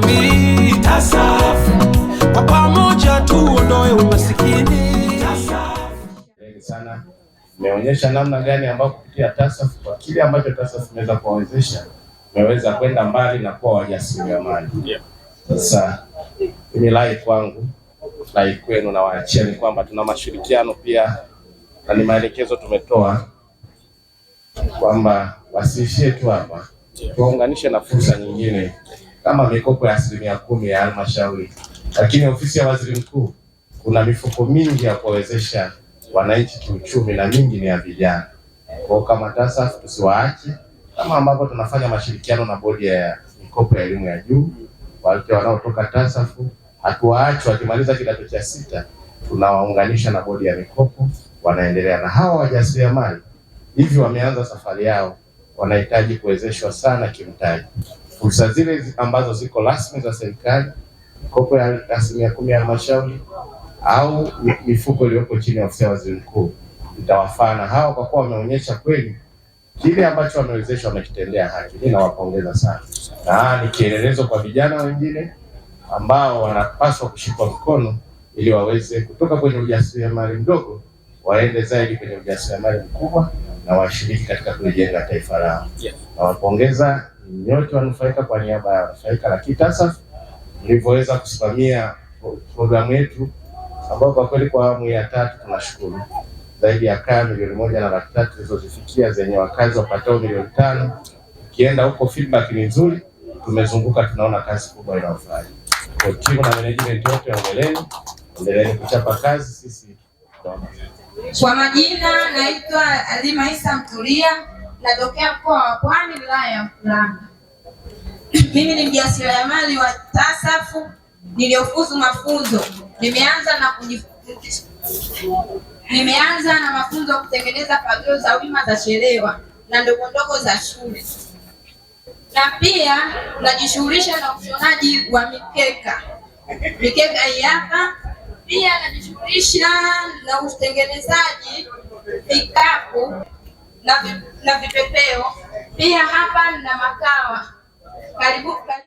jamii. kwa pamoja tuondoe umasikini. sana namna gani ambapo kupitia TASAF kwa kile ambacho TASAF imeweza kuwawezesha umeweza kwenda mbali na kuwa wajasiriamali. Sasa ni lai kwangu lai kwenu na ni kwamba tuna mashirikiano pia, na ni maelekezo tumetoa kwamba wasiishie tu hapa, tuwaunganishe na fursa nyingine kama mikopo ya asilimia kumi ya halmashauri, lakini ofisi ya waziri mkuu kuna mifuko mingi ya kuwawezesha wananchi kiuchumi na mingi ni ya vijana. Kwa kama TASAF tusiwaache, kama ambavyo tunafanya mashirikiano na bodi ya mikopo ya elimu ya juu. Wale wanaotoka TASAF hatuwaachi, wakimaliza kidato cha sita tunawaunganisha na bodi ya mikopo, wanaendelea na hawa wajasiriamali. Hivi wameanza safari yao, wanahitaji kuwezeshwa sana kimtaji fursa zile ambazo ziko rasmi za serikali, mikopo ya asilimia kumi ya halmashauri au mifuko iliyoko chini ya ofisi ya waziri mkuu itawafaa na hao, kwa kuwa wameonyesha kweli kile ambacho wamewezeshwa wamekitendea haki. Mimi nawapongeza sana, na ni kielelezo kwa vijana wengine ambao wanapaswa kushikwa mkono ili waweze kutoka kwenye ujasiriamali mdogo waende zaidi kwenye ujasiriamali mkubwa na washiriki katika kulijenga taifa lao. Nawapongeza yote wanufaika kwa niaba ya wanufaika lakini Kitasafu mlivyoweza kusimamia programu yetu, ambao kwa kweli kwa awamu ya tatu tunashukuru zaidi ya kaya milioni moja na laki tatu zilizozifikia zenye wakazi wapatao milioni tano. Ukienda huko feedback ni nzuri, tumezunguka tunaona kazi kubwa inayofanya kwa timu na management yote. Ongeleni, endeleni kuchapa kazi. Sisi kwa majina naitwa Alima Isa Mtulia natokea mkoa wa Pwani, wilaya ya Mkuranga. Mimi ni mjasiriamali wa tasafu niliyofuzu mafunzo. Nimeanza na nimeanza na mafunzo ya kutengeneza fagio za wima za chelewa na ndogo ndogo za shule, na pia najishughulisha na ushonaji wa mikeka mikeka hii hapa. Pia najishughulisha na utengenezaji vikapu na vipepeo. Pia hapa na makawa karibu